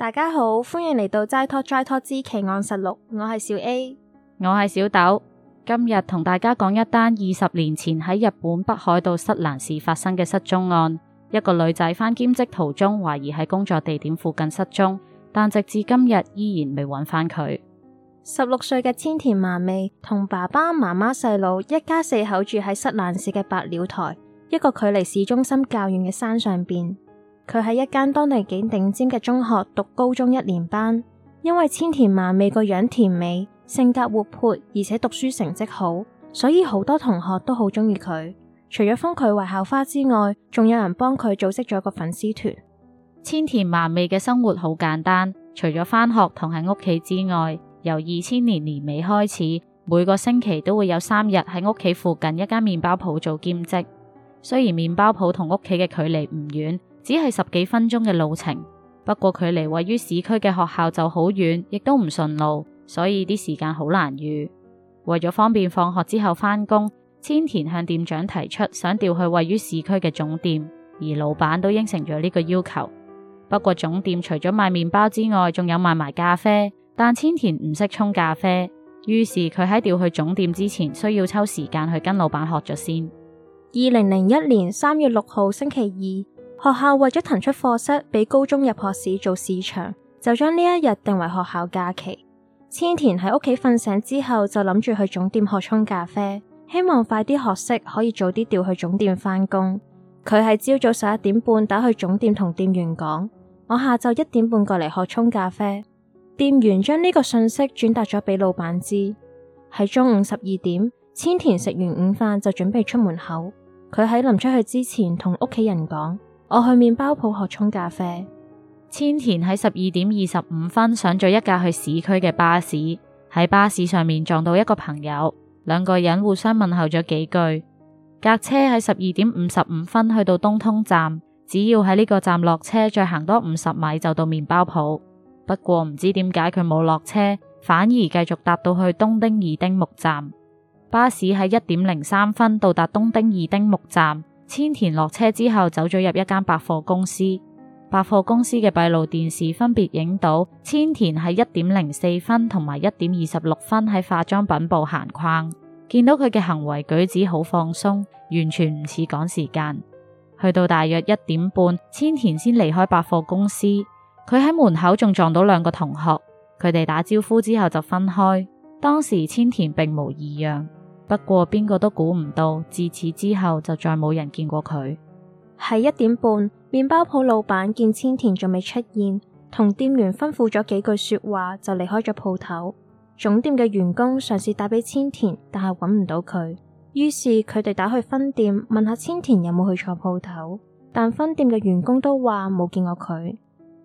大家好，歡迎嚟到齋拖齋拖之奇案實錄，我係小 A，我係小豆，今日同大家講一單二十年前喺日本北海道室蘭市發生嘅失蹤案，一個女仔返兼職途中，懷疑喺工作地點附近失蹤，但直至今日依然未揾翻佢。十六歲嘅千田麻未同爸爸媽媽細佬一家四口住喺室蘭市嘅白鳥台，一個距離市中心較遠嘅山上邊。佢喺一間當地景頂尖幾嘅中學讀高中一年班，因為千田麻未個樣甜美，性格活潑，而且讀書成績好，所以好多同學都好鍾意佢。除咗封佢為校花之外，仲有人幫佢組織咗個粉絲團。千田麻未嘅生活好簡單，除咗返學同喺屋企之外，由二千年年尾開始，每個星期都會有三日喺屋企附近一間麵包鋪做兼職。雖然麵包鋪同屋企嘅距離唔遠，只係十幾分鐘嘅路程，不過距離位於市區嘅學校就好遠，亦都唔順路，所以啲時間好難預。為咗方便放學之後返工，千田向店長提出想調去位於市區嘅總店，而老闆都應承咗呢個要求。不過總店除咗賣麵包之外，仲有賣埋咖啡，但千田唔識沖咖啡，於是佢喺調去總店之前，需要抽時間去跟老闆學咗先。二零零一年三月六號星期二。學校為咗騰出課室俾高中入學試做試場，就將呢一日定為學校假期。千田喺屋企瞓醒之後，就諗住去總店學沖咖啡，希望快啲學識可以早啲調去總店返工。佢喺朝早十一點半打去總店同店員講：我下晝一點半過嚟學沖咖啡。店員將呢個信息轉達咗俾老闆知。喺中午十二點，千田食完午飯就準備出門口。佢喺臨出去之前同屋企人講。我去麵包鋪學沖咖啡。千田喺十二點二十五分上咗一架去市區嘅巴士，喺巴士上面撞到一個朋友，兩個人互相問候咗幾句。架車喺十二點五十五分去到東通站，只要喺呢個站落車，再行多五十米就到麵包鋪。不過唔知點解佢冇落車，反而繼續搭到去東丁二丁目站。巴士喺一點零三分到達東丁二丁目站。千田落車之後，走咗入一間百貨公司。百貨公司嘅閉路電視分別影到千田喺一點零四分同埋一點二十六分喺化妝品部閒逛，見到佢嘅行為舉止好放鬆，完全唔似趕時間。去到大約一點半，千田先離開百貨公司。佢喺門口仲撞到兩個同學，佢哋打招呼之後就分開。當時千田並無異樣。不過邊個都估唔到，自此之後就再冇人見過佢。喺一點半，麵包鋪老闆見千田仲未出現，同店員吩咐咗幾句說話，就離開咗鋪頭。總店嘅員工嘗試打俾千田，但係揾唔到佢，於是佢哋打去分店問下千田有冇去錯鋪頭，但分店嘅員工都話冇見過佢。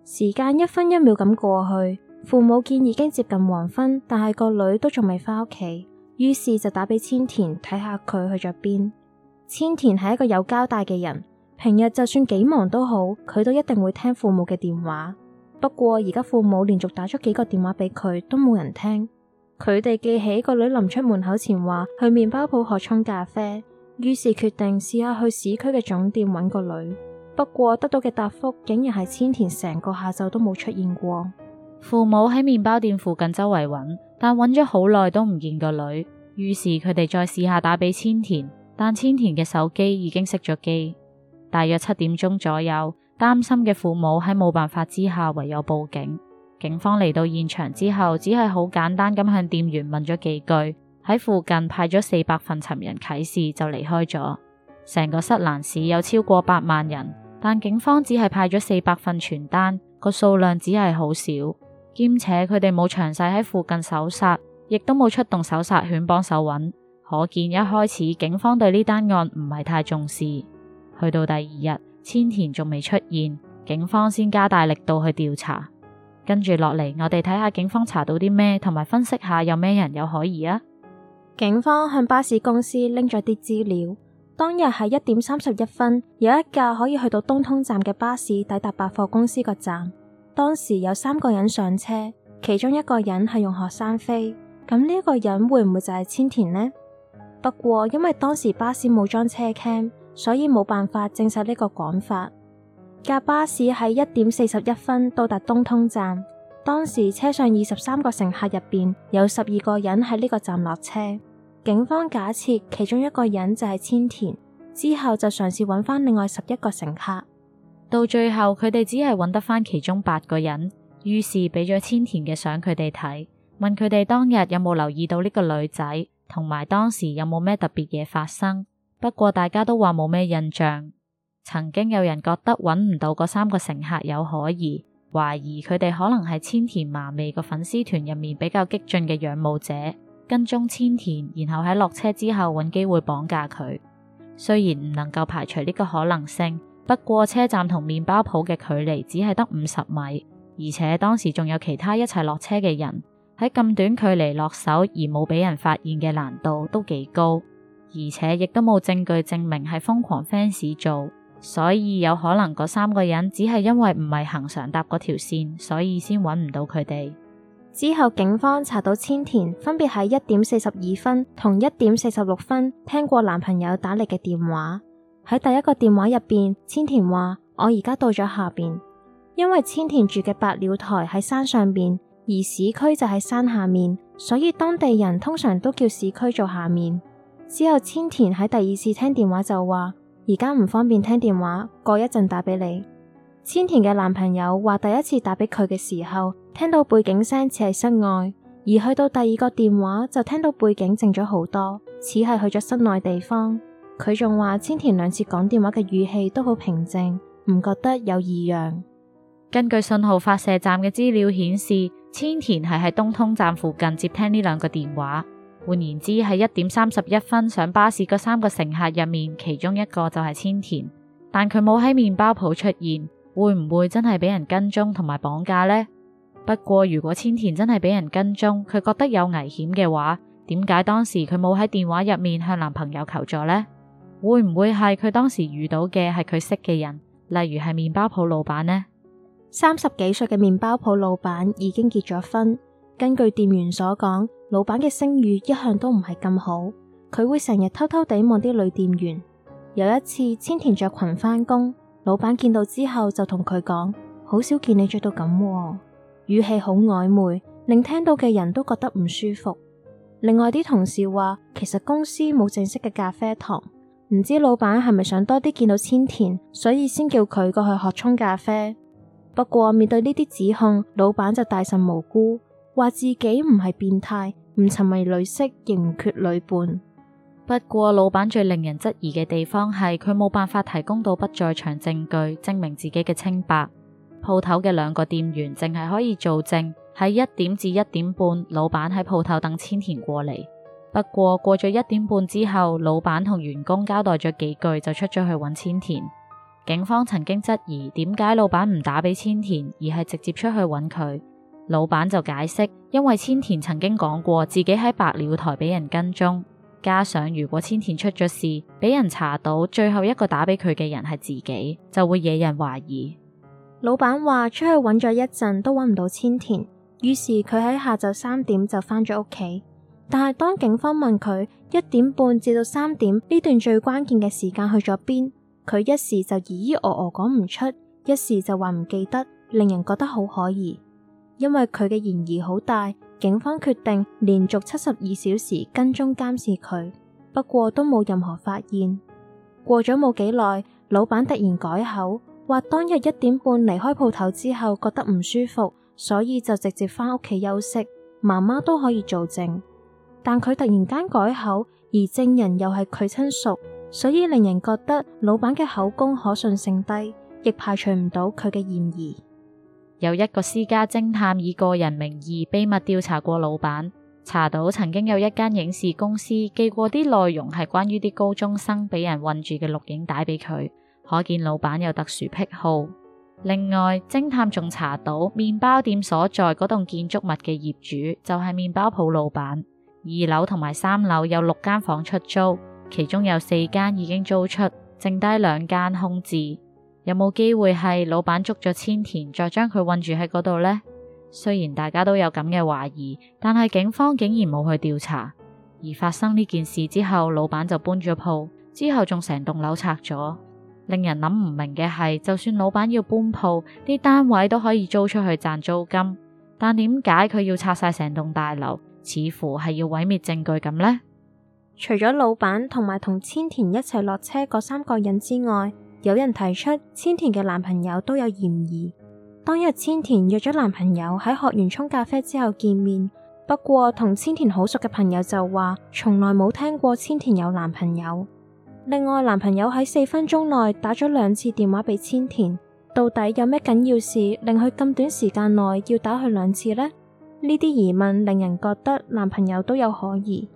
時間一分一秒咁過去，父母見已經接近黃昏，但係個女都仲未返屋企。於是就打俾千田睇下佢去咗邊。千田係一個有交代嘅人，平日就算幾忙都好，佢都一定會聽父母嘅電話。不過而家父母連續打咗幾個電話俾佢，都冇人聽。佢哋記起個女臨出門口前話去麵包鋪學沖咖啡，於是決定試下去市區嘅總店揾個女。不過得到嘅答覆竟然係千田成個下晝都冇出現過。父母喺麵包店附近周圍揾。但揾咗好耐都唔見個女，於是佢哋再試下打俾千田，但千田嘅手機已經熄咗機。大約七點鐘左右，擔心嘅父母喺冇辦法之下，唯有報警。警方嚟到現場之後，只係好簡單咁向店員問咗幾句，喺附近派咗四百份尋人啟事就離開咗。成個室蘭市有超過八萬人，但警方只係派咗四百份傳單，個數量只係好少。兼且佢哋冇詳細喺附近搜殺，亦都冇出動搜殺犬幫手揾，可見一開始警方對呢單案唔係太重視。去到第二日，千田仲未出現，警方先加大力度去調查。跟住落嚟，我哋睇下警方查到啲咩，同埋分析下有咩人有可疑啊。警方向巴士公司拎咗啲資料，當日喺一點三十一分有一架可以去到東通站嘅巴士抵達百貨公司個站。當時有三個人上車，其中一個人係用學生飛，咁呢個人會唔會就係千田呢？不過因為當時巴士冇裝車 cam，所以冇辦法證實呢個講法。架巴士喺一點四十一分到達東通站，當時車上二十三個乘客入邊有十二個人喺呢個站落車，警方假設其中一個人就係千田，之後就嘗試揾翻另外十一個乘客。到最後佢哋只係揾得返其中八個人，於是俾咗千田嘅相佢哋睇，問佢哋當日有冇留意到呢個女仔，同埋當時有冇咩特別嘢發生。不過大家都話冇咩印象。曾經有人覺得揾唔到嗰三個乘客有可疑，懷疑佢哋可能係千田麻未個粉絲團入面比較激進嘅仰慕者，跟蹤千田，然後喺落車之後揾機會綁架佢。雖然唔能夠排除呢個可能性。不過車站同麵包鋪嘅距離只係得五十米，而且當時仲有其他一齊落車嘅人，喺咁短距離落手而冇俾人發現嘅難度都幾高，而且亦都冇證據證明係瘋狂 fans 做，所以有可能嗰三個人只係因為唔係行常搭嗰條線，所以先揾唔到佢哋。之後警方查到千田分別喺一點四十二分同一點四十六分聽過男朋友打嚟嘅電話。喺第一個電話入邊，千田話：我而家到咗下邊。因為千田住嘅白鳥台喺山上邊，而市區就喺山下面，所以當地人通常都叫市區做下面。之後千田喺第二次聽電話就話：而家唔方便聽電話，過一陣打俾你。千田嘅男朋友話：第一次打俾佢嘅時候，聽到背景聲似係室外，而去到第二個電話就聽到背景靜咗好多，似係去咗室內地方。佢仲話千田兩次講電話嘅語氣都好平靜，唔覺得有異樣。根據信號發射站嘅資料顯示，千田係喺東通站附近接聽呢兩個電話。換言之，喺一點三十一分上巴士嗰三個乘客入面，其中一個就係千田。但佢冇喺麵包鋪出現，會唔會真係俾人跟蹤同埋綁架呢？不過如果千田真係俾人跟蹤，佢覺得有危險嘅話，點解當時佢冇喺電話入面向男朋友求助呢？會唔會係佢當時遇到嘅係佢識嘅人，例如係麵包鋪老闆呢？三十幾歲嘅麵包鋪老闆已經結咗婚。根據店員所講，老闆嘅聲譽一向都唔係咁好。佢會成日偷偷地望啲女店員。有一次，千田着裙返工，老闆見到之後就同佢講：好少見你着到咁啊，語氣好曖昧，令聽到嘅人都覺得唔舒服。另外啲同事話，其實公司冇正式嘅咖啡堂。唔知老闆係咪想多啲見到千田，所以先叫佢過去學沖咖啡。不過面對呢啲指控，老闆就大神無辜，話自己唔係變態，唔沉迷女色，亦唔缺女伴。不過老闆最令人質疑嘅地方係佢冇辦法提供到不在場證據，證明自己嘅清白。鋪頭嘅兩個店員淨係可以做證，喺一點至一點半，老闆喺鋪頭等千田過嚟。不過過咗一點半之後，老板同員工交代咗幾句就出咗去揾千田。警方曾經質疑點解老板唔打俾千田，而係直接出去揾佢。老板就解釋，因為千田曾經講過自己喺白鳥台俾人跟蹤，加上如果千田出咗事俾人查到，最後一個打俾佢嘅人係自己，就會惹人懷疑。老板話出去揾咗一陣都揾唔到千田，於是佢喺下晝三點就返咗屋企。但係，當警方問佢一點半至到三點呢段最關鍵嘅時間去咗邊，佢一時就咦咦哦哦講唔出，一時就話唔記得，令人覺得好可疑。因為佢嘅嫌疑好大，警方決定連續七十二小時跟蹤監視佢，不過都冇任何發現。過咗冇幾耐，老闆突然改口，話當日一點半離開鋪頭之後，覺得唔舒服，所以就直接返屋企休息，媽媽都可以做證。但佢突然間改口，而證人又係佢親屬，所以令人覺得老闆嘅口供可信性低，亦排除唔到佢嘅嫌疑。有一個私家偵探以個人名義秘密調查過老闆，查到曾經有一間影視公司寄過啲內容係關於啲高中生俾人困住嘅錄影帶俾佢，可見老闆有特殊癖好。另外，偵探仲查到麵包店所在嗰棟建築物嘅業主就係麵包鋪老闆。二樓同埋三樓有六間房出租，其中有四間已經租出，剩低兩間空置。有冇機會係老闆捉咗千田，再將佢困住喺嗰度呢？雖然大家都有咁嘅懷疑，但係警方竟然冇去調查。而發生呢件事之後，老闆就搬咗鋪，之後仲成棟樓拆咗。令人諗唔明嘅係，就算老闆要搬鋪，啲單位都可以租出去賺租金，但點解佢要拆晒成棟大樓？似乎係要毀滅證據咁呢？除咗老闆同埋同千田一齊落車嗰三個人之外，有人提出千田嘅男朋友都有嫌疑。當日千田約咗男朋友喺學完沖咖啡之後見面，不過同千田好熟嘅朋友就話從來冇聽過千田有男朋友。另外，男朋友喺四分鐘內打咗兩次電話俾千田，到底有咩緊要事令佢咁短時間內要打去兩次呢？呢啲疑問令人覺得男朋友都有可疑，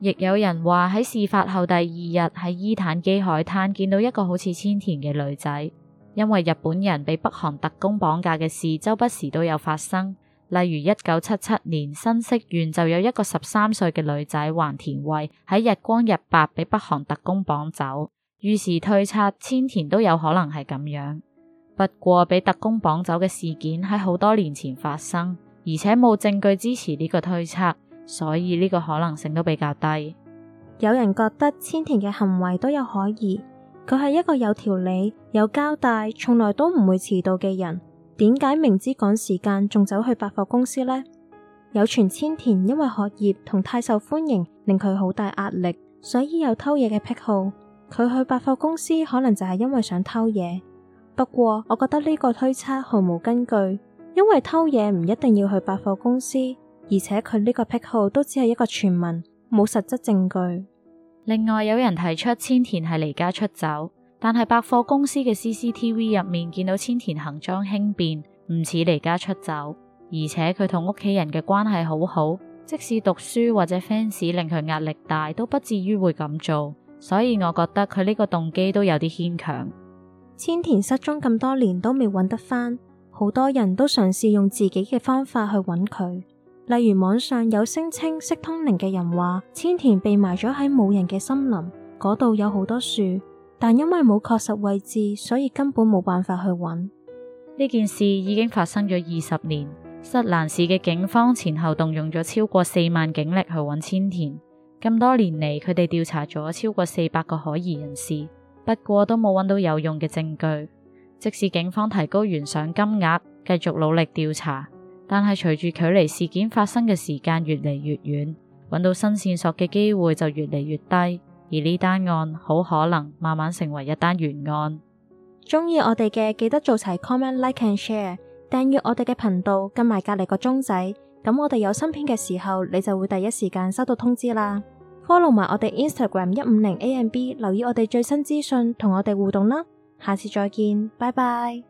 亦有人話喺事發後第二日喺伊坦基海灘見到一個好似千田嘅女仔。因為日本人被北韓特工綁架嘅事，周不時都有發生，例如一九七七年新潟縣就有一個十三歲嘅女仔橫田惠喺日光日白被北韓特工綁走。於是推測千田都有可能係咁樣。不過，被特工綁走嘅事件喺好多年前發生。而且冇證據支持呢個推測，所以呢個可能性都比較低。有人覺得千田嘅行為都有可疑，佢係一個有條理、有交代、從來都唔會遲到嘅人，點解明知趕時間仲走去百貨公司呢？有傳千田因為學業同太受歡迎，令佢好大壓力，所以有偷嘢嘅癖好。佢去百貨公司可能就係因為想偷嘢。不過我覺得呢個推測毫無根據。因為偷嘢唔一定要去百貨公司，而且佢呢個癖好都只係一個傳聞，冇實質證據。另外有人提出千田係離家出走，但係百貨公司嘅 CCTV 入面見到千田行裝輕便，唔似離家出走。而且佢同屋企人嘅關係好好，即使讀書或者 fans 令佢壓力大，都不至於會咁做。所以我覺得佢呢個動機都有啲牽強。千田失蹤咁多年都未揾得返。好多人都嘗試用自己嘅方法去搵佢，例如網上有聲稱識通靈嘅人話，千田被埋咗喺冇人嘅森林，嗰度有好多樹，但因為冇確實位置，所以根本冇辦法去搵。呢件事已經發生咗二十年，室蘭市嘅警方前後動用咗超過四萬警力去搵千田，咁多年嚟佢哋調查咗超過四百個可疑人士，不過都冇搵到有用嘅證據。即使警方提高懸賞金額，繼續努力調查，但係隨住距離事件發生嘅時間越嚟越遠，揾到新線索嘅機會就越嚟越低，而呢單案好可能慢慢成為一單懸案。鍾意我哋嘅記得做齊 comment、like and share，訂閱我哋嘅頻道，跟埋隔籬個鐘仔，咁我哋有新片嘅時候，你就會第一時間收到通知啦。follow 埋我哋 Instagram 一五零 AMB，留意我哋最新資訊，同我哋互動啦。下次再見，拜拜。